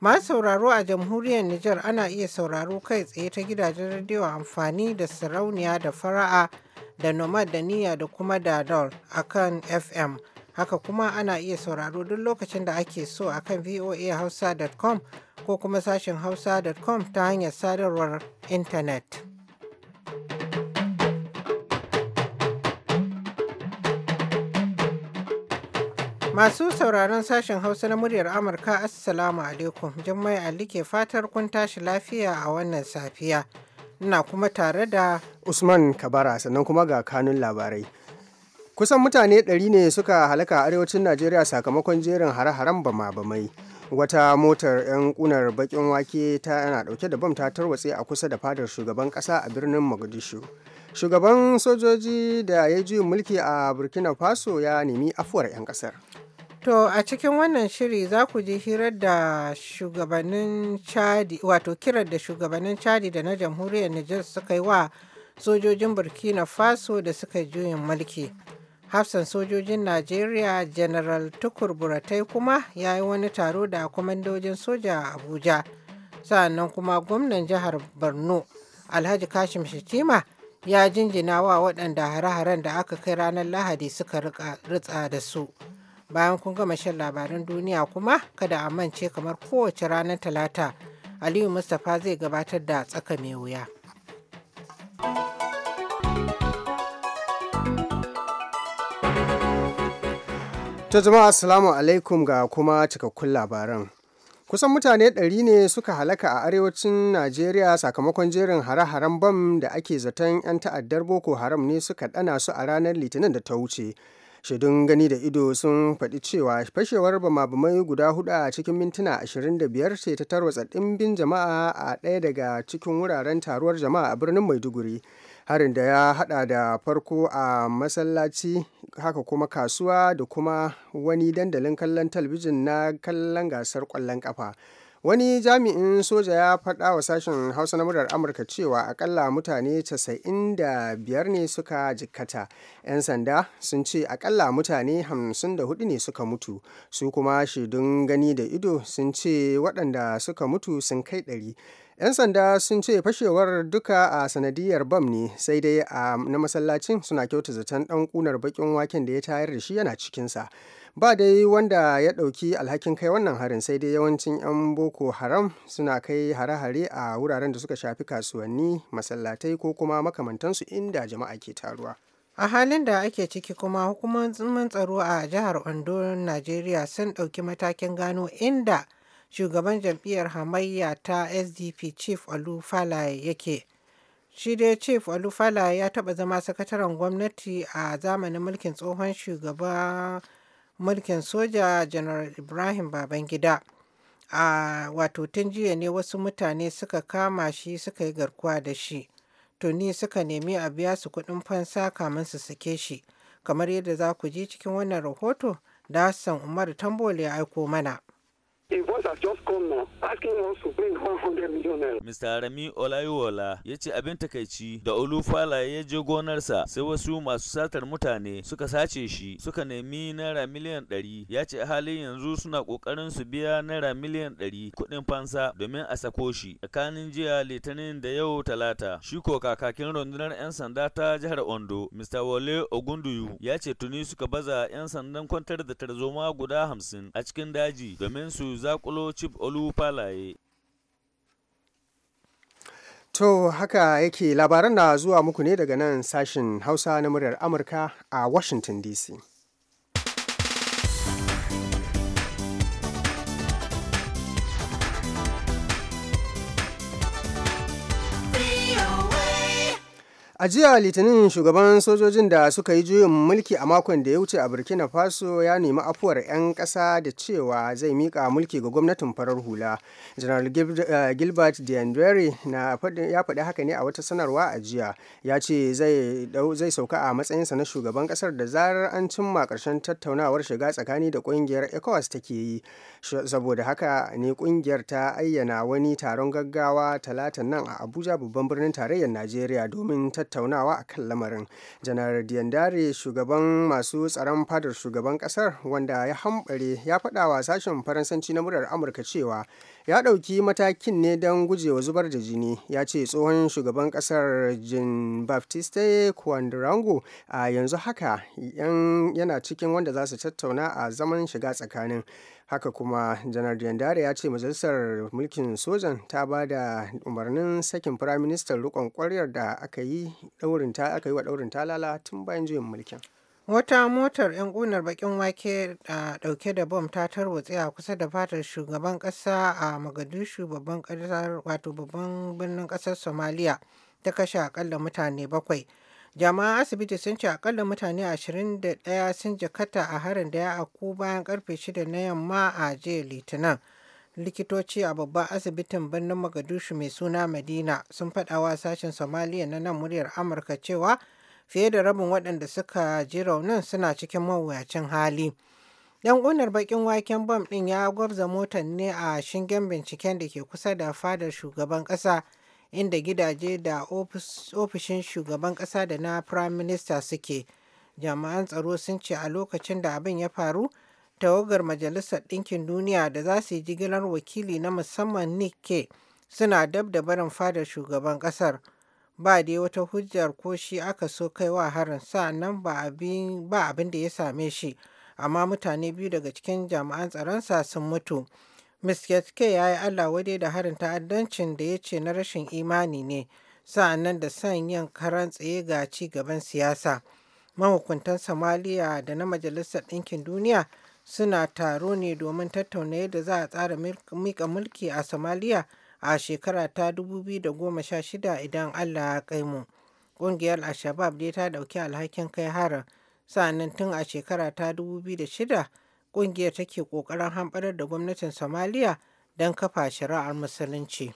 Masu sauraro a jamhuriyar Nijar ana iya sauraro kai tsaye ta gidajen rediyo amfani da sarauniya da fara'a da nomad da niyya da kuma dadol a kan FM. Haka kuma ana iya sauraro duk lokacin da ake so a kan voahausa.com ko kuma sashen hausa.com ta hanyar sadarwar intanet. Masu sauraron sashen Hausa na muryar Amurka Assalamu alaikum Jummai Ali ke fatar kun tashi lafiya a wannan safiya. Ina kuma tare da Usman Kabara sannan kuma ga kanun labarai. Kusan mutane ɗari ne suka halaka arewacin Najeriya sakamakon jerin hare-haren bama-bamai. Wata motar 'yan kunar bakin wake ta yana ɗauke da bam ta tarwatse a kusa da fadar shugaban ƙasa a birnin Mogadishu. shugaban sojoji da ya juyin mulki a burkina faso ya nemi afuwar 'yan kasar To a cikin wannan shiri za ku ji hirar da shugabannin Chadi wato kirar da shugabannin Chadi da na jamhuriyar Nijar suka yi wa sojojin Burkina Faso da suka juyin mulki. Hafsan sojojin Najeriya General Tukur Buratai kuma ya yi wani taro da kwamandojin soja a Abuja. sannan kuma gwamnan jihar Borno Alhaji Kashim Shitima ya jinjina wa waɗanda hare-haren da aka kai ranar Lahadi suka ritsa da su. Bayan kun gama shan labaran duniya kuma kada a mance kamar kowace ranar Talata, Aliyu Mustapha zai gabatar da tsaka mai wuya. ta jama'a assalamu alaikum ga kuma cikakkun labaran. Kusan mutane ɗari ne suka halaka a arewacin Najeriya sakamakon jerin hare-haren bam da ake zaton 'yan ta'addar Boko Haram ne suka ɗana su a ranar Litinin da ta wuce. shaidun gani da ido sun faɗi cewa fashewar bama-bamai guda hudu a cikin mintuna 25 ce ta tarwatsa ɗimbin jama'a a ɗaya daga cikin wuraren taruwar jama'a a birnin maiduguri harin da ya hada da farko a masallaci haka kuma kasuwa da kuma wani dandalin kallon talabijin na kallon gasar kwallon kafa wani jami'in soja ya faɗa wa sashen hausa na murar amurka cewa akalla mutane 95 ne suka jikkata 'yan sanda sun ce akalla mutane 54 ne suka mutu su kuma shaidun gani da ido sun ce waɗanda suka mutu sun kai ɗari 'yan sanda sun ce fashewar duka a sanadiyar bam ne sai dai a na masallacin suna kyauta zaton ɗan ƙunar baƙin waken da ya tayar da shi yana cikinsa ba dai wanda ya ɗauki alhakin kai wannan harin sai dai yawancin 'yan boko haram suna kai hare-hare a wuraren da suka shafi kasuwanni masallatai ko kuma makamantansu inda jama'a ke taruwa a halin da ake ciki kuma hukumomin tsaro a jihar ondo najeriya sun ɗauki matakin gano inda shugaban jam'iyyar hamayya ta sdp chief alufala yake shi dai chief alufala ya taba zama sakataren gwamnati a zamanin mulkin tsohon shugaba mulkin soja Janar Ibrahim Babangida. A wato tun jiya ne wasu mutane suka kama shi suka yi garkuwa da shi. Tuni suka nemi a biya su kudin fansa kamin su sake shi. Kamar yadda za ku ji cikin wannan rahoto da san Umar Tambole ya aiko mana. a voice has just come now asking us to bring 100 million naira. Mr. Rami Olayiwola ya ce abin takaici da Olufala ya je gonarsa sai wasu masu satar mutane suka sace shi suka nemi naira miliyan ɗari ya ce halin yanzu suna kokarin su biya naira miliyan ɗari kuɗin fansa domin a sako shi tsakanin jiya litinin da yau talata shi ko kakakin rundunar 'yan sanda ta jihar Ondo Mr. Wole Ogunduyu ya ce tuni suka baza 'yan sandan kwantar da tarzoma guda hamsin a cikin daji domin su zakulo olu falaye. To haka yake labaran na zuwa muku ne daga nan sashen Hausa na muryar Amurka a Washington DC. a jiya litinin shugaban sojojin da suka yi juyin mulki a makon da ya wuce a burkina faso ya nemi afuwar 'yan kasa da cewa zai mika mulki ga gwamnatin farar hula general eh, gilbert diandere ya faɗi haka ne a wata sanarwa a jiya ya ce zai sauka a matsayinsa na shugaban ƙasar da zarar an cimma karshen tattaunawar shiga tsakani da ƙungiyar ecowas take yi saboda haka ne ƙungiyar ta ayyana wani taron gaggawa talatan nan a abuja babban birnin tarayyar najeriya domin ta tattaunawa akan lamarin janar diandare shugaban masu tsaron fadar shugaban kasar wanda ya hambare ya faɗa wa sashen faransanci na murar amurka cewa ya ɗauki matakin ne don gujewa zubar da jini ya ce tsohon shugaban kasar jean baptiste kwandurango a yanzu haka yana cikin wanda za su tattauna a zaman shiga tsakanin haka kuma janar dandare ya ce majalisar mulkin sojan ta ba da umarnin sakin firaministan rikon kwaryar da aka yi wa daurin talala tun bayan juyin mulkin wata motar 'yan ƙunar bakin wake da ɗauke da bom ta tarwatse a kusa da fatar shugaban ƙasa a magadishu babban wato babban birnin ƙasar somalia ta kashe akalla mutane bakwai jami'an asibiti sun ce akalla mutane 21 sun jikata a harin da ya aku bayan karfe 6 na yamma a jiya litinin likitoci a babban asibitin birnin magadushu mai suna madina sun faɗawa sashen somaliya na nan muryar amurka cewa fiye da rabin waɗanda suka ji raunin suna cikin mawuyacin hali yan ƙunar bakin waken bam ɗin ya gwabza motar ne a shingen binciken da ke kusa da fadar shugaban ƙasa inda gidaje da ofishin shugaban ƙasa da na Prime Minister suke. Jami'an tsaro sun ce a lokacin da abin ya faru, tawagar Majalisar Ɗinkin Duniya da za su yi jigilar wakili na musamman Nick suna dab da barin fadar shugaban ƙasar. ba dai wata hujjar ko shi aka so kaiwa harin nan ba abin da ya same shi amma mutane biyu daga cikin jami'an tsaronsa sun mutu Ms. K ya yi Allah wadai da harin ta'addancin da ya ce na rashin imani ne, sa'annan da son yin karan tsaye ga ci gaban siyasa. Mahukuntan Somaliya da na Majalisar Ɗinkin Duniya suna taro ne domin tattauna yadda za a tsara mika mulki a Somaliya a shekara ta 2016 idan Allah ya kai mu. Ƙungiyar al da dai ta ɗauki alhakin kai harin, sa'annan tun a shekara ta 2006 ƙungiyar take ƙoƙarin hamɓarar da gwamnatin Somaliya don kafa shari'ar musulunci.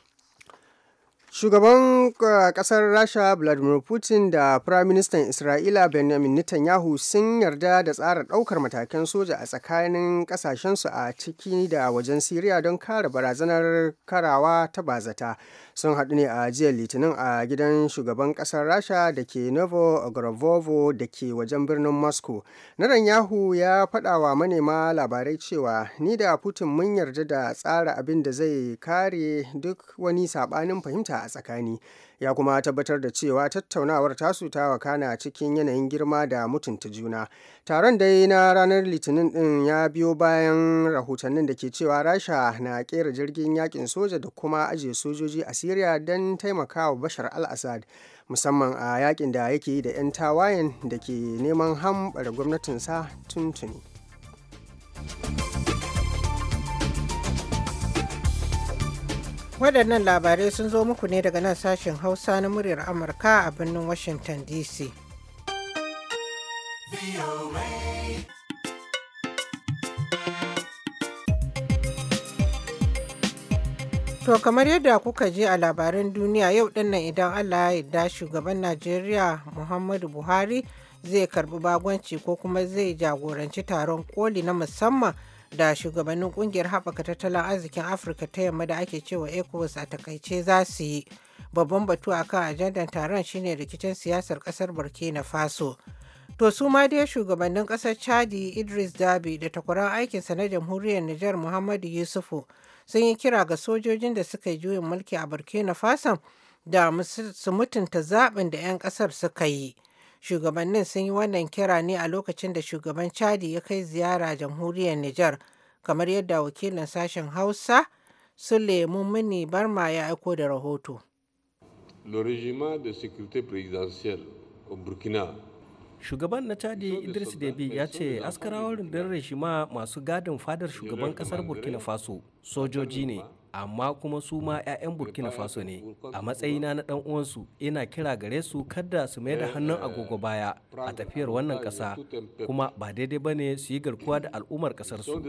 Shugaban kasar eh, Rasha Vladimir Putin da Firaministan Isra'ila Benjamin Netanyahu sun yarda da tsara ɗaukar matakan soja a tsakanin ƙasashensu a ciki da wajen Siriya don kare barazanar karawa ta bazata. Sun haɗu ne a jiya Litinin a gidan shugaban ƙasar Rasha da ke Novo Ogrovovo da ke wajen birnin Moscow. Netanyahu ya faɗa wa manema labarai cewa ni da Putin mun yarda da tsara abin da zai kare duk wani saɓanin fahimta a tsakani ya kuma tabbatar da cewa tattaunawar tasu ta wakana cikin yanayin girma da mutunta juna taron dai na ranar litinin din ya biyo bayan rahotannin da ke cewa rasha na kera jirgin yakin soja da kuma ajiye sojoji a syria don taimakawa bashar al-assad musamman a yakin da yake yi da 'yan tawayen da ke neman gwamnatin gwamnatinsa tuntuni. waɗannan labarai sun zo muku ne daga nan sashen hausa na muryar amurka a birnin washington dc To kamar yadda kuka je a labaran duniya yau dinnan idan Allah ya yarda shugaban Najeriya Muhammadu Buhari zai karbi bagonci ko kuma zai jagoranci taron koli na musamman da shugabannin kungiyar haɓaka tattalin arzikin afirka ta yamma da ake cewa ecowas a takaice za su yi babban batu a kan ajandar taron shine rikicin siyasar ƙasar burkina faso to su ma dai shugabannin ƙasar chadi idris dabi da takwaran aikinsa na jamhuriyar nijar muhammadu yusufu sun yi kira ga sojojin da suka yi juyin mulki a burkina faso da su mutunta zaɓin da 'yan ƙasar suka yi Shugabannin sun yi wannan kira ne a lokacin da shugaban Chadi ya kai ziyara jamhuriyar Nijar, kamar yadda wakilin sashen Hausa lemu mini Barma ya aiko da rahoto. shugaban na chadi idris debi ya ce askarawar rundunar reshima masu gadin fadar shugaban kasar burkina faso sojoji ne amma kuma su ma 'ya'yan burkina faso ne a matsayina na dan uwansu ina kira gare su kada su mai da hannun agogo baya a tafiyar wannan kasa kuma ba daidai ba ne su yi garkuwa da al'ummar kasar su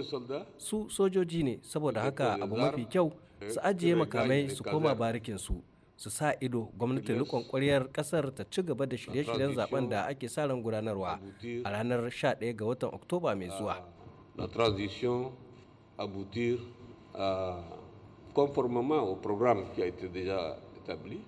su sojoji ne saboda haka abu mafi kyau su ajiye makamai su koma barikin su su sa ido gwamnatin rikon kwaryar kasar ta ci gaba da shirye-shiryen zaben da ake sa ran gudanarwa a ranar 11 ga watan oktoba mai zuwa la transition aboutir conformément au programme qui a été déjà établi.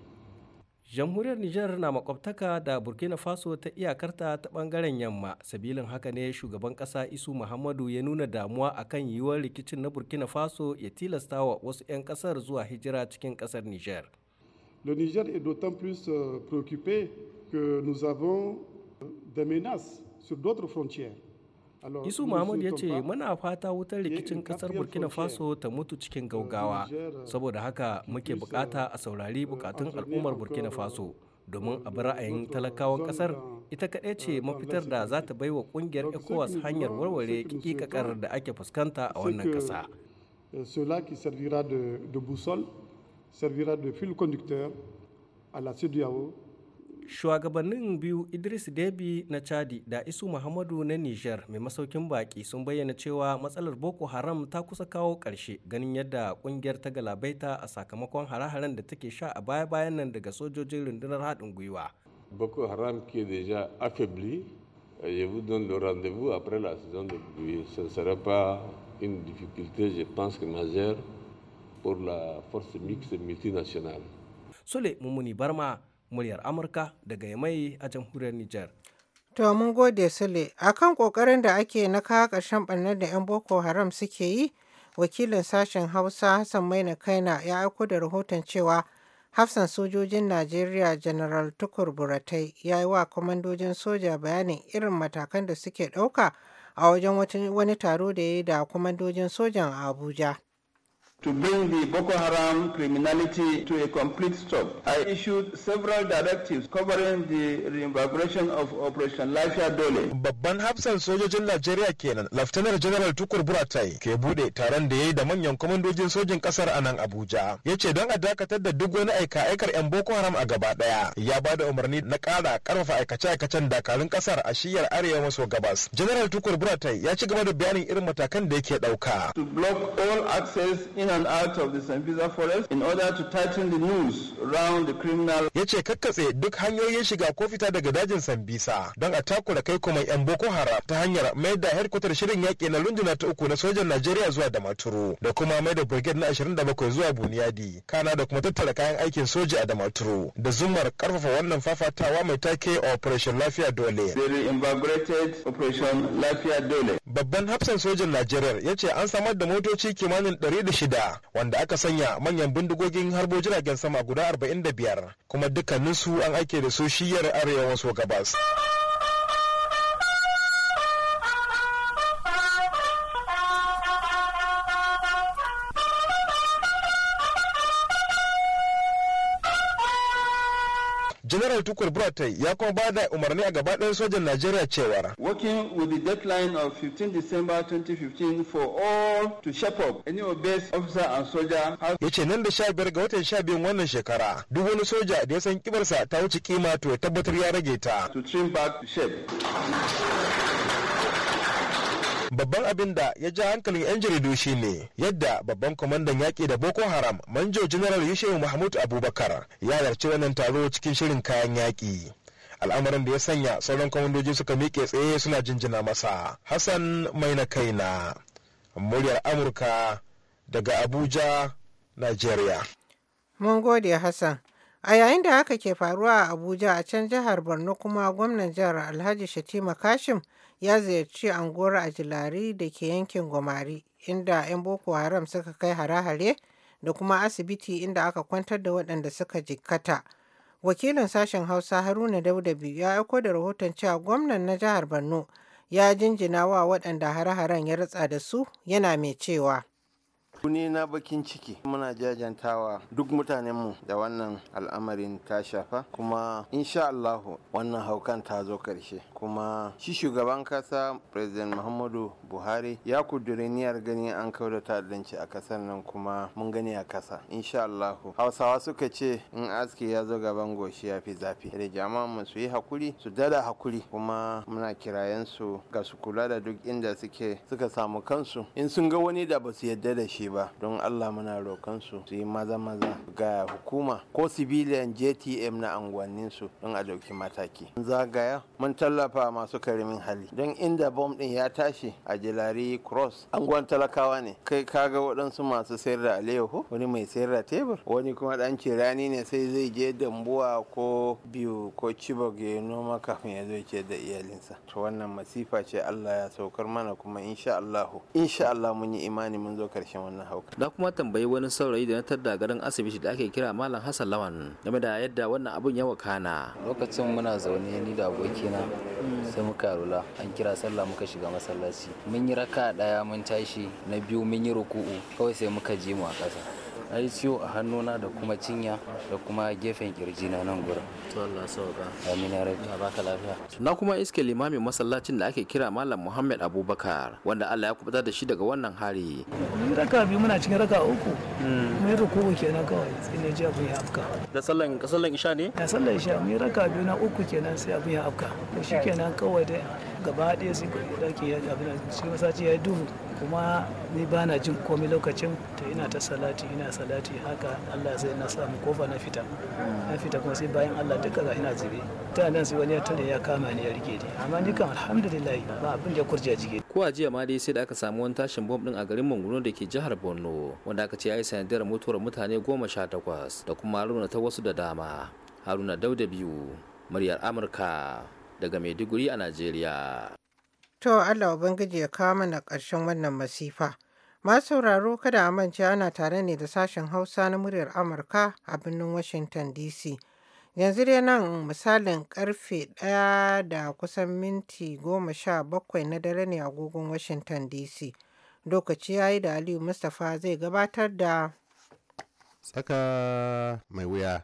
jamhuriyar nijar na makwabtaka da burkina faso ta iyakarta ta bangaren yamma sabilin haka ne shugaban kasa isu muhammadu ya nuna damuwa akan yiwuwar rikicin na burkina faso ya tilasta wa wasu 'yan kasar zuwa hijira cikin kasar nijar le niger est d'autant plus euh, préoccupé que nous avons euh, des menaces sur d'autres frontières Isu Muhammad ya ce muna fata wutar rikicin kasar Burkina Faso ta mutu cikin gaugawa euh, saboda haka muke bukata a euh, saurari euh, bukatun al'ummar Burkina Faso domin a bi ra'ayin talakawan kasar ita kaɗai ce mafitar da za ta baiwa kungiyar ECOWAS hanyar warware kikikakar da ake fuskanta a wannan kasa. Cela qui servira de, shugabannin biyu idris debi na chadi da isu muhammadu na niger mai masaukin baki sun bayyana cewa matsalar boko haram ta kusa kawo karshe ganin yadda kungiyar ta galabaita a sakamakon hare-haren da take sha a baya-bayan nan daga sojojin rundunar haɗin gwiwa boko haram ke deja affaibli je vous donne le rendez-vous après la saison de pluie ce ne sera pas une difficulté je pense que majeure pour la force mixte multinationale sole Mumuni Barma muryar amurka daga yamai a jamhuriyar niger to mun gode sule akan kokarin da ake na kawo karshen barnar da 'yan boko haram suke yi wakilin sashen hausa hassan maina kaina ya aiko da rahoton cewa hafsan sojojin najeriya general tukur buratai ya yi wa kwamandojin soja bayanin irin matakan da suke ɗauka a wajen wani taro da ya yi da kwamandojin sojan a abuja to bring the Boko Haram criminality to a complete stop. I issued several directives covering the reinvigoration of Operation Lafiya Dole. Babban hafsan sojojin Najeriya kenan, Laftanar General Tukur Buratai ke bude taron da ya yi da manyan kwamandojin sojin kasar a nan Abuja. Ya ce don a dakatar da duk wani aika-aikar 'yan Boko Haram a gaba ɗaya, Ya ba da umarni na ƙara ƙarfafa aikace-aikacen dakarun kasar a shiyar arewa maso gabas. General Tukur Buratai ya ci gaba da bayanin irin matakan da yake ɗauka. To block all access in and out of the Sambisa forest in order to tighten the noose round the criminal. Ya ce kakkatse duk hanyoyin shiga ko fita daga dajin Sambisa don a takura kai kuma 'yan Boko Haram ta hanyar mai da headquarter shirin yaƙi na runduna ta uku na sojan Najeriya zuwa da maturu da kuma mai da brigade na 27 zuwa Buniyadi kana da kuma tattara kayan aikin soja a Damaturu da zumar karfafa wannan fafatawa mai take Operation Lafiya Dole. Operation Lafiya Dole. Babban hafsan sojan Najeriya ya ce an samar da motoci kimanin 106 Najeriya wanda aka sanya manyan bindigogin harbo jiragen sama guda 45 kuma dukkaninsu an aike da su shiyar arewa maso gabas. General Tukur Buratai ya kuma ba da umarni a gabaɗayan sojan Najeriya cewa. Working with the deadline of 15 December 2015 for all to shape up any of base officer and soldier. Ya ce nan da sha biyar ga watan sha biyun wannan shekara duk wani soja da ya san kibarsa ta wuce kima to ya tabbatar ya rage ta. To trim back to shape. babban abin da ya ja hankalin 'yan jaridu shine yadda babban kwamandan yaƙi da boko haram manjo general yushewu mahmud abubakar ya halarci wannan taro cikin shirin kayan yaƙi al'amarin da ya sanya sauran kwamandoji suka miƙe tsaye suna jinjina masa hassan mai na kai na muryar amurka daga abuja nigeria mun gode hassan a yayin da haka ke faruwa a abuja a can jihar borno kuma gwamnan jihar alhaji shatima kashim ya ziyarci Angora a Jilari da ke yankin Gomari inda 'yan Boko Haram suka kai hare-hare da kuma asibiti inda aka kwantar da waɗanda suka jikkata. Wakilin sashen Hausa Haruna Dauda biyu ya aiko da rahoton cewa gwamnan na jihar Borno ya jinjina wa waɗanda hare-haren ya ratsa da su yana mai cewa. Tuni na bakin ciki muna jajantawa duk mutanenmu da wannan al'amarin ta shafa kuma insha Allahu wannan haukan ta zo karshe kuma shi shugaban kasa President Muhammadu Buhari ya kuduri niyyar gani an kauda ta'addanci a kasar nan kuma mun gani a kasa insha Allahu Hausawa suka ce in aski ya zo gaban goshi ya fi zafi da jama'a mu su yi hakuri su dada hakuri kuma muna kirayen su ga su kula da duk inda suke suka samu kansu in sun ga wani da ba su yadda da shi ba don allah muna rokan su su yi maza maza ga hukuma ko civilian jtm na anguwannin su don a dauki mataki zagaya mun tallafa masu karimin hali don inda bom din ya tashi a jilari cross anguwan talakawa ne kai kaga waɗansu masu sayar da alayyahu wani mai sayar da tebur wani kuma dan rani ne sai zai je dambuwa ko biyu ko cibok ya noma kafin ya zo ke da iyalinsa to wannan masifa ce allah ya saukar mana kuma insha allahu insha allah mun yi imani mun zo karshen wannan Malam Hauk. Na kuma tambayi wani saurayi da na tadda garin asibiti da ake kira Malam Hassan Lawan game da yadda wannan abun ya wakana. Lokacin muna zaune ni da abokina sai muka rula an kira sallah muka shiga masallaci. Mun yi raka daya mun tashi na biyu mun yi ruku'u kawai sai muka je mu a ƙasa. na yi ciwo a hannuna da kuma cinya da kuma gefen kirji na nan gurin to Allah sauka amin ya rabbi baka lafiya na kuma iske limamin masallacin da ake kira malam Muhammad Abubakar wanda Allah ya kubutar da shi daga wannan hari mun raka biyu muna cikin raka uku hmm. mun ruku kenan kawai sai ne ji abin ya afka da sallan sallan isha ne da sallan isha mun raka biyu na uku kenan sai abin ya afka to shikenan kawai dai gaba ɗaya sai ɗakin ya abin shi masaci ya yi duhu kuma ni ba na jin komai lokacin ta ina ta salati ina salati haka Allah sai na samu kofa na fita na fita kuma sai bayan Allah duka ga ina zube ta nan sai wani ya tare ya kama ni ya rike ni amma ni kan alhamdulillah ba abin da kurje jike ko a jiya ma dai sai da aka samu wani tashin bom din a garin Manguno da ke jihar Borno wanda aka ce ya yi sanadiyar mutuwar mutane goma sha takwas da kuma ta wasu da dama Haruna Dauda biyu muryar Amurka daga Maiduguri a Najeriya. To Allah Ubangiji ya kawo mana ƙarshen wannan masifa. Masu sauraro kada a mance ana tare ne da sashen Hausa na muryar Amurka a birnin Washington DC. Yanzu dai nan misalin karfe ɗaya da kusan minti goma sha bakwai na dare ne a agogon Washington DC. Lokaci ya yi da Aliyu Mustapha zai gabatar da Saka mai wuya.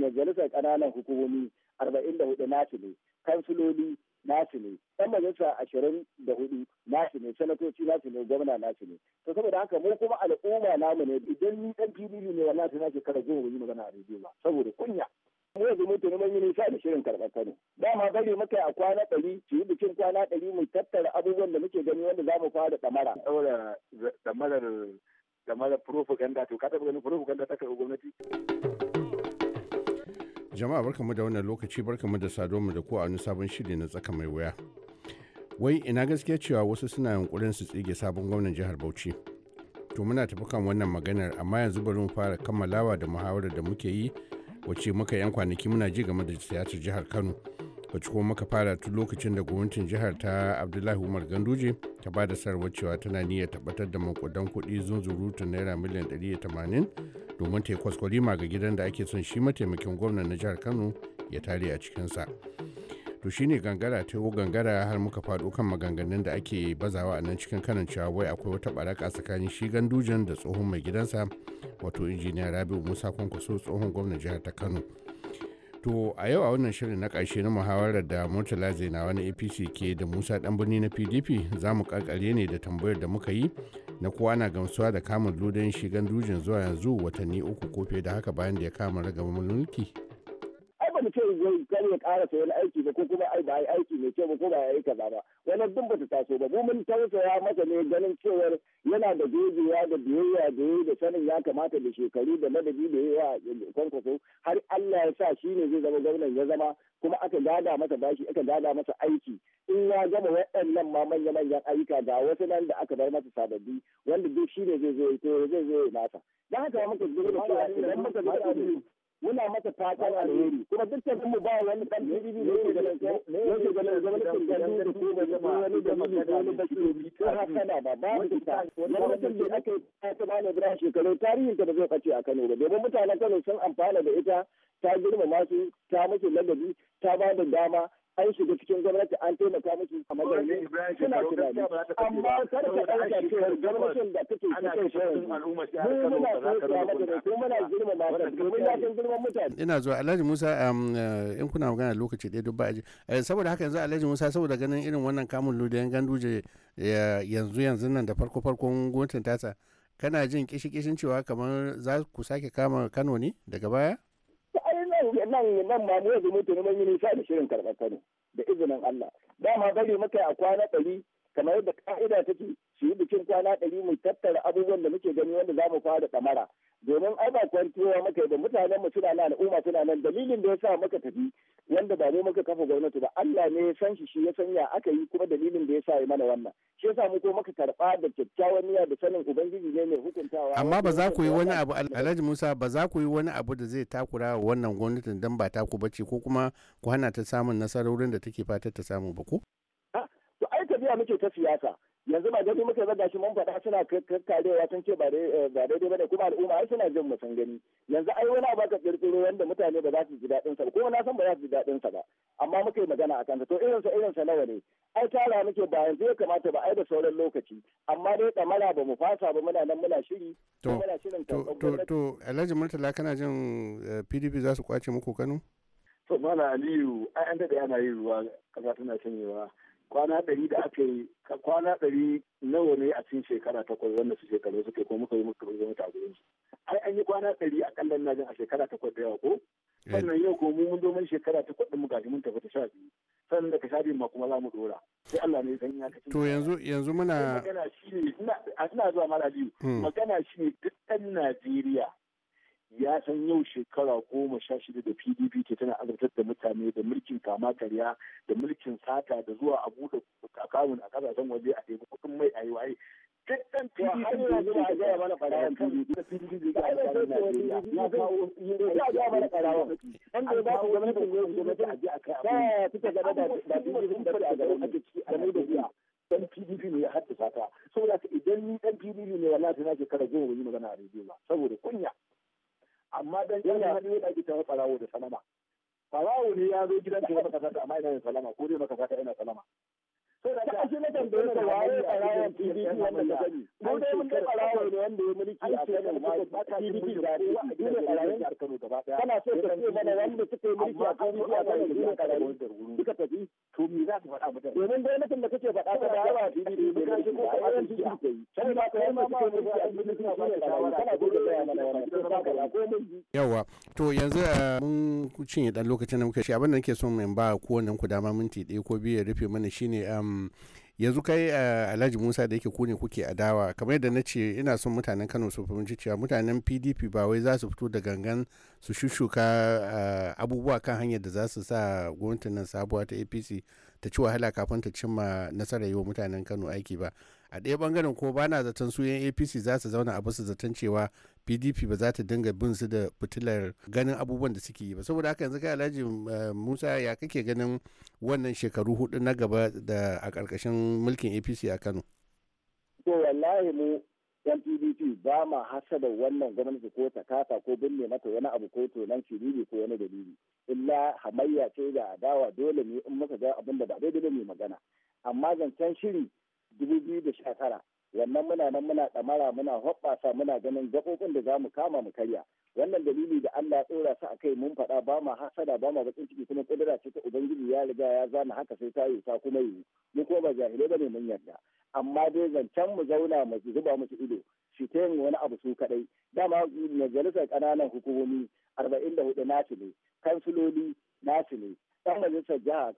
Majalisar ƙananan hukumomi arba'in da hudu nasu ne kansiloli nasu ne yan majalisa ashirin da hudu nasu ne sanatoci nasu ne gwamna nasu ne to saboda haka mu kuma al'umma namu ne idan ni dan pdp ne wallahi sai nake kada zuwa yi magana a rediyo ba saboda kunya mu yanzu mun tuni mun yi nisa da shirin karɓar kano dama bari muka a kwana ɗari su yi bikin kwana ɗari mu tattara abubuwan da muke gani wanda za mu fara ɗamara. ɗaura ɗamarar ɗamarar propaganda to ka taɓa ganin propaganda ta karɓi gwamnati. jama'a barkamu da wannan lokaci barkamu da saduwa da ku a wani sabon shiri na tsaka mai wuya wai ina gaskiya cewa wasu suna yunkurin su tsige sabon gwamnan jihar bauchi to muna tafi kan wannan maganar amma yanzu bari mu fara kammalawa da muhawarar da muke yi wacce muka yan kwanaki muna ji game da siyasar jihar kano wacce kuma muka fara tun lokacin da gwamnatin jihar ta abdullahi umar ganduje ta ba da sarwar cewa tana niyyar tabbatar da makudan kuɗi zunzurutu naira miliyan 180 domin ta yi kwaskwarima ga gidan da ake son shi mataimakin gwamnan na jihar kano ya tare a cikinsa to shine gangara ta yi gangara har muka faɗo kan maganganun da ake bazawa a nan cikin kanan cewa wai akwai wata baraka tsakanin shi gandujan da tsohon mai gidansa wato injiniya rabiu musa kwankwaso tsohon gwamnan jihar ta kano To a yau a wannan shirin na ƙarshe na muhawarar da Murtala Zainawa na APC ke da Musa birni na PDP za mu ƙarƙare ne da tambayar da muka yi na kowa na gamsuwa da kamun ludan shigan dujin zuwa yanzu watanni uku ko fiye da haka bayan da ya kama ragama mulki. Ai ba mu ce zai kare ƙara sayan aiki ba ko kuma ai ba aiki mai kyau ba ko ba ya yi kaza ba. sanar din bata taso ba mu mun tausaya masa ne ganin cewar yana da gogewa da biyayya da yayi da sanin ya kamata da shekaru da ladabi da yayi a kwankwaso har Allah ya sa shi ne zai zama gwamnan ya zama kuma aka gada masa bashi aka gada masa aiki in ya gama waɗannan ma manya manyan ayyuka ga wasu nan da aka bar masa sababbi wanda duk shi ne zai zo ya zai zo ya nasa dan haka muka gudu da cewa idan muka gudu muna masa fatan alheri kuma da mu ba wani kan jirgin ne yake ganin ne yake da zaman da kan da yi da da wani da mun da wani da ko da yi. da mu ta gwamnatin da aka yi ta da bira shekaru tarihin ta ba da kace a Kano da mutanen Kano sun amfana da ita ta girma masu ta mace ladabi ta ba da dama an shiga cikin gwamnati an taimaka musu a magani suna tunani amma kar ka ɗauka cewa gwamnatin da take cikin shirin mu muna tsotsa mata ne ko muna girmama ta domin ya san girman mutane. ina zuwa alhaji musa um, eh, in kuna magana lokaci ɗaya duk aji eh, saboda haka yanzu alhaji musa saboda ganin irin wannan kamun ludayen ganduje yanzu yanzu nan da farko farkon gwamnatin tasa kana jin kishi kishin cewa kamar za ku sake kama kano ne daga baya. nan nan nan ma mu yanzu mutu neman yin sha da shirin karɓar Kano da izinin Allah dama bari muka a kwana ɗari kamar yadda ka'ida take su yi bikin kwana ɗari mu tattara abubuwan da muke gani wanda za mu fara ɗamara domin ai ba tuwa muka da mutanen mu suna nan al'umma suna nan dalilin da ya sa muka tafi wanda ba mu muka kafa gwamnati ba Allah ne ya san shi shi ya sanya aka yi kuma dalilin da ya sa mana wannan shi yasa mu ko muka karba da kyakkyawan niyya da sanin ubangiji ne mai hukuntawa amma ba za ku yi wani abu Alhaji Musa ba za ku yi wani abu da zai takura wa wannan gwamnatin dan ba ta ku bace ko kuma ku hana ta samun nasarorin da take fatar ta samu ba ko ah, to ai tafiya muke ta siyasa yanzu ba gani muka zaga shi mun faɗa suna kakkarewa sun ce eh, ba daidai ba ne kuma al'umma ai suna jin musan gani yanzu ai wani abu ka kirkiro wanda mutane ba za su ji daɗin sa ba kuma na san ba za su ji daɗin sa ba amma muka yi magana a kansa to irin sa irin sa nawa ne ai tara muke ba yanzu ya kamata ba ai da sauran lokaci amma dai tsamara ba mu fasa ba muna nan muna shiri to to to Alhaji Murtala kana jin PDP eh, za su kwace muku Kano to mana Aliyu ai an daɗe ana yi ruwa kaza tana sanyewa kwana ɗari da aka yi kwana ɗari nawa ne a cikin shekara takwas wanda su shekaru suke ko muka yi muka zama ta a su ai an yi kwana ɗari a kallon na a shekara takwas da yawa ko eh. sannan yau ko mun mun zo mun shekara ta ɗin mu gaji mun tafi ta sha biyu sannan daga sha biyu ma kuma za mu dora sai Allah ne yi haka to yanzu yanzu muna magana shine ina zuwa mara biyu hmm. magana shine duk ɗan Najeriya ya san yau shekara goma sha shida da pdp ke tana azartar da mutane da mulkin kama karya da mulkin sata da zuwa a bude akawun a kasashen waje a teku kuɗin mai a yi waye dukkan pdp ya zuwa a gaya mana farawan pdp da pdp da ya kawo ya gaya mana farawan an da ba su gwamnatin yau gwamnati a je a kai a fita gaba da pdp da a gaba a kai a game da biya dan pdp ne ya haddasa ta saboda idan ni dan pdp ne wallahi na ke kara goma ban yi magana a rediyo da hannu da ta cewa da salama. Ɓarawo ne ya zo gidan ka maka amma ina yin salama ko dai maka sata ina salama. ta shi na tambaye PDP wanda mun ne wanda ya mulki a PDP da ne wanda suka yi mulki a da kake faɗa ta da a Kana yanzu mun um, cinye ɗan lokacin da muka shi abin nake so mu ba kowannen ku dama minti ɗaya ko biyu ya rufe mana shine yanzu kai eh, alhaji musa da yake kune ne kuke adawa kamar yadda na ce ina son mutanen kano su fahimci cewa mutanen pdp ba wai za su fito da gangan su shushuka eh, abubuwa kan hanyar da za su sa gwamnatin nan sabuwa ta apc ta ci wahala kafin ta cimma nasarar yi wa mutanen kano aiki ba a ɗaya bangaren ko ba na zaton su yan apc za su zauna a basu zaton cewa pdp ba za ta dinga bin su da fitilar ganin abubuwan da suke yi ba saboda haka yanzu kai alhaji eh, musa ya kake ganin wannan shekaru hudu na gaba da a karkashin mulkin apc a kano to wallahi mu yan pdp ba ma hasada wannan gwamnati ko ta kasa ko binne mata wani abu ko to nan shiriri ko wani dalili illa hamayya ce da adawa dole ne in muka ga abin da ba daidai ne magana amma zancen shiri 2019 wannan muna nan muna ɗamara muna hoɓɓasa muna ganin gaɓoɓin da za mu kama mu karya wannan dalili da Allah ya tsora su akai mun faɗa ba ma hasada ba ma bakin ciki kuma kudura ce ta ubangiji ya riga ya zana haka sai ta yi ta kuma yi mu kuma ba jahilai ne mun yarda amma dai zancen mu zauna mu zuba musu ido shi ta yin wani abu su kadai dama majalisar ƙananan hukumomi arba'in da hudu nasu ne kansiloli nasu ne ɗan majalisar jiha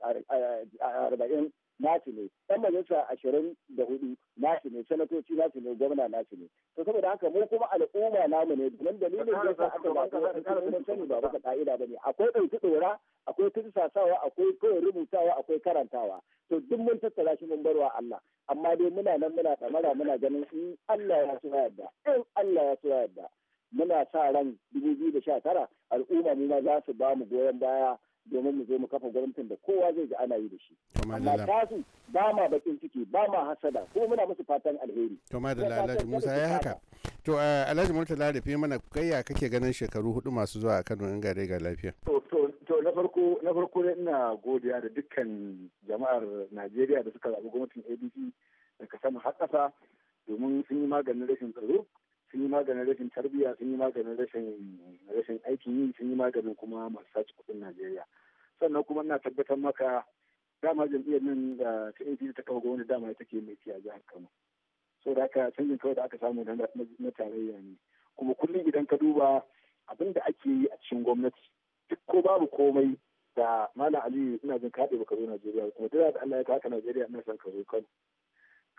arba'in nasu ne ɗan majalisa ashirin da hudu nasu ne sanatoci nasu ne gwamna nasu ne to saboda haka mu kuma al'umma namu ne domin dalilin da yasa aka zaɓi wasu kuma sani ba baka ka'ida ba ne akwai ɗauki ɗora akwai tursasawa akwai kawai rubutawa akwai karantawa to duk mun tattara shi mun barwa Allah amma dai muna nan muna tsamara muna ganin in Allah ya so yadda in Allah ya so yadda muna sa ran 2019 al'umma mu ma za su ba mu goyon baya domin mu zo mu kafa gwamnatin da kowa zai ji ana yi da shi amma tasu ba ma bakin ciki ba ma hasada kuma muna musu fatan alheri to madalla alhaji musa ya haka to eh, alhaji murtala da fi mana kayya kake ganin shekaru hudu masu zuwa a kano in ga ga lafiya to na farko na farko ne ina godiya da dukkan jama'ar najeriya da suka zaɓi gwamnatin abc daga sama har ƙasa domin sun yi maganin rashin tsaro sun yi maganin rashin tarbiyya sun yi maganin rashin rashin aikin yi sun yi maganin kuma masu sace kudin najeriya sannan kuma na tabbatar maka dama jam'iyyar nan da ta APC ta kawo gwamnati dama ita ke mai a jihar Kano so da aka canjin kawai da aka samu na tarayya ne kuma kullum idan ka duba abin da ake yi a cikin gwamnati duk ko babu komai da malam aliyu ina jin kaɗe baka zo najeriya kuma duk da allah ya kaka najeriya ina son ka zo kano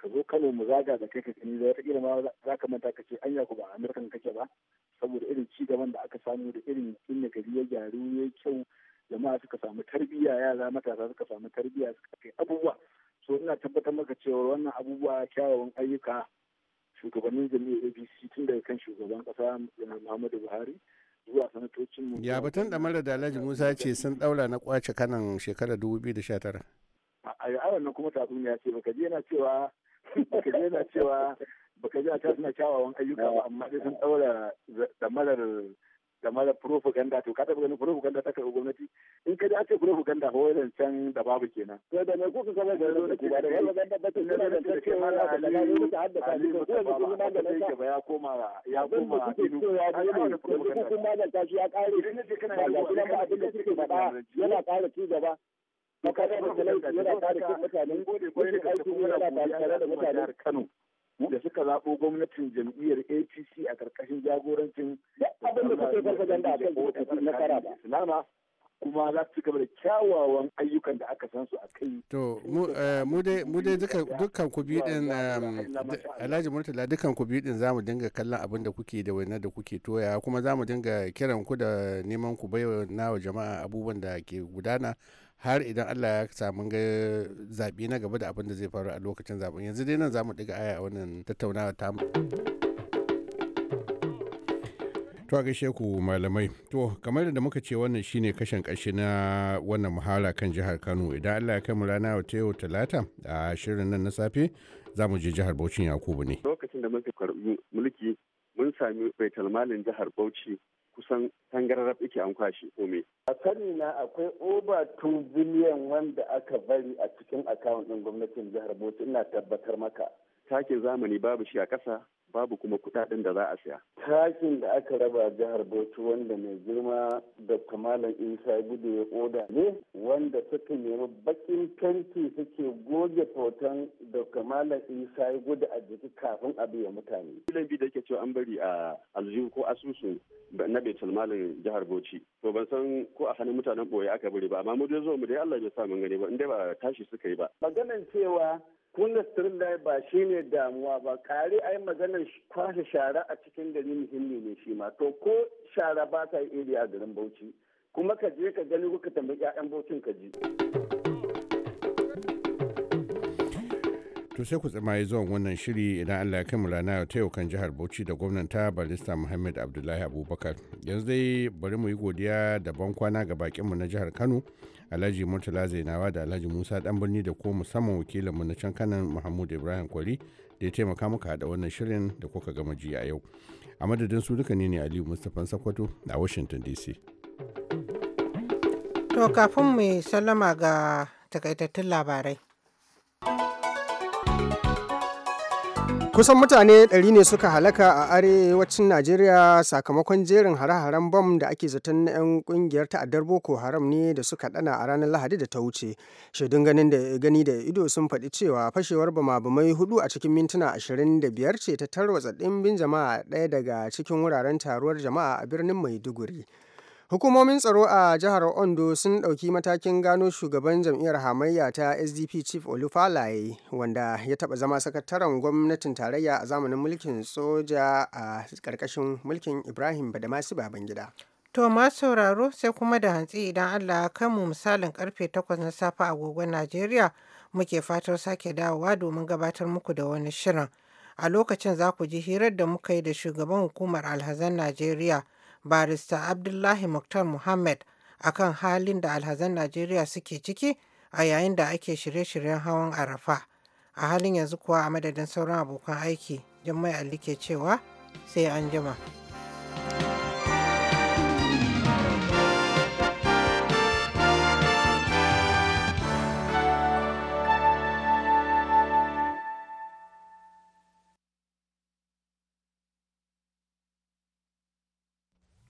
ka zo kano mu zaga da kai ka gani da wata ma za ka manta ka ce anya ku ba a amurkan kake ba saboda irin ci gaban da aka samu da irin inda gari ya gyaru ya kyau jama'a suka samu tarbiyya yara matasa suka samu tarbiyya suka kai abubuwa so ina tabbatar maka cewa wannan abubuwa kyawawan ayyuka shugabannin jami'ar abc tun daga kan shugaban kasa muhammadu buhari zuwa sanatocin mu ya batun damar da alhaji musa ce sun daura na kwace kanan shekarar 2019 a yi nan kuma tatsuniya ce baka je yana cewa ka je na cewa baka ji a ta suna kyawawan ayyuka ba amma dai sun daura damarar damarar propaganda to ka taɓa ganin propaganda ta karɓi gwamnati in ka ji a ce propaganda ko wajen can da babu kenan. to da mai kuka kama da zo da kuma da propaganda ba ta nuna da cewa da da gano ta haddasa ne ko da kuma da da yake ba ya koma ya koma inu ya yi wani propaganda. kuma da ta shi ya kare ƙare kana ga kuma abin da suke faɗa yana kare ci gaba makarantar yana mutanen da Kano. da suka zaɓo gwamnatin jam'iyyar APC a ƙarƙashin jagorancin abin da a kan na ba. Islama kuma za su gaba da kyawawan ayyukan da aka san su a kai. To, mu eh, dai dukkan ku biyu din um, Alhaji Murtala dukkan ku biyu din za mu dinga kallon abin da kuke da wainar da kuke toya kuma za mu dinga kiran ku da neman ku baiwa wa jama'a abubuwan da ke gudana har idan Allah ya samu ga na gaba da abin da zai faru a lokacin zaɓen yanzu dai nan za mu ɗiga aya a wannan tattaunawa ta to a gaishe ku malamai to kamar da muka ce wannan shine kashin kashi na wannan muhala kan jihar kano idan allah ya kai mu rana ta yau talata a shirin nan na safe za mu je jihar bauchi yakubu ne lokacin da muka karbi mulki mun sami malin jihar bauchi kusan tangararraf ike an kwashe kome. A sani na akwai over 2 biliyan wanda aka bari a cikin akawun ɗin gwamnatin jihar Bauchi ina tabbatar maka. takin zamani babu shi a ƙasa babu kuma kudaden da za a siya. Takin da aka raba jihar Bauchi wanda mai girma Dr. Malam Isa Gudu ya koda ne wanda suka nemi bakin fenti suke goge hoton Dr. Malam Isa Gudu a jiki kafin a ya mutane. Filan bi da yake cewa an bari a aljihu ko asusu na Baitul Malam jihar Bauchi. To ban san ko a hannun mutanen boye aka bari ba amma mu dai zo mu dai Allah bai sa mun gani ba in dai ba tashi suka yi ba. Maganan cewa kunna street ba shi ne damuwa ba kare ai maganar kwashe shara a cikin gari muhimmi ne shi ma to ko shara ba ta iri a garin bauchi kuma ka je ka gani kuka tambayi 'ya'yan bauchin ka ji. to sai ku tsamaye zuwan wannan shiri idan Allah ya kai rana ta yau kan jihar Bauchi da gwamnanta Barista Muhammad Abdullahi Abubakar. Yanzu dai bari mu yi godiya da ban kwana ga bakinmu na jihar Kano alhaji murtala zainawa da alhaji musa dan birni da ko musamman wakilinmu na can kanan mahmud ibrahim kwari da ya taimaka muka haɗa wannan shirin da kuka gama ji a yau a madadin su duka ne ne aliyu mustapha sakwato a washington dc to kafin mu sallama ga takaitattun labarai kusan mutane 100 ne suka halaka a arewacin najeriya sakamakon jerin hare-haren bom da ake zaton na 'yan kungiyar ta'addar boko haram ne da suka dana a ranar lahadi da ta wuce shaidun ganin da gani da ido sun faɗi cewa fashewar bama-bamai hudu a cikin mintuna 25 ce ta tarwatsa ɗimbin jama'a ɗaya daga cikin wuraren taruwar jama'a a birnin maiduguri Hukumomin tsaro a jihar Ondo sun ɗauki matakin gano shugaban jam'iyyar hamayya ta SDP Chief Olufalaye wanda ya taɓa zama sakataren gwamnatin tarayya a zamanin mulkin soja a ƙarƙashin mulkin Ibrahim Badamasi Babangida. To ma sauraro sai kuma da hantsi idan Allah ya mu misalin karfe 8 na safe agogon Najeriya muke fatar sake dawowa domin gabatar muku da wani shirin. A lokacin za ku ji hirar da muka yi da shugaban hukumar alhazan Najeriya. barista Abdullahi Muktar Muhammad kan halin da alhazan Najeriya suke ciki a yayin da ake shirye-shiryen hawan Arafa. A halin yanzu kuwa a madadin sauran abokan aiki, Jummai Ali ke cewa sai an jima.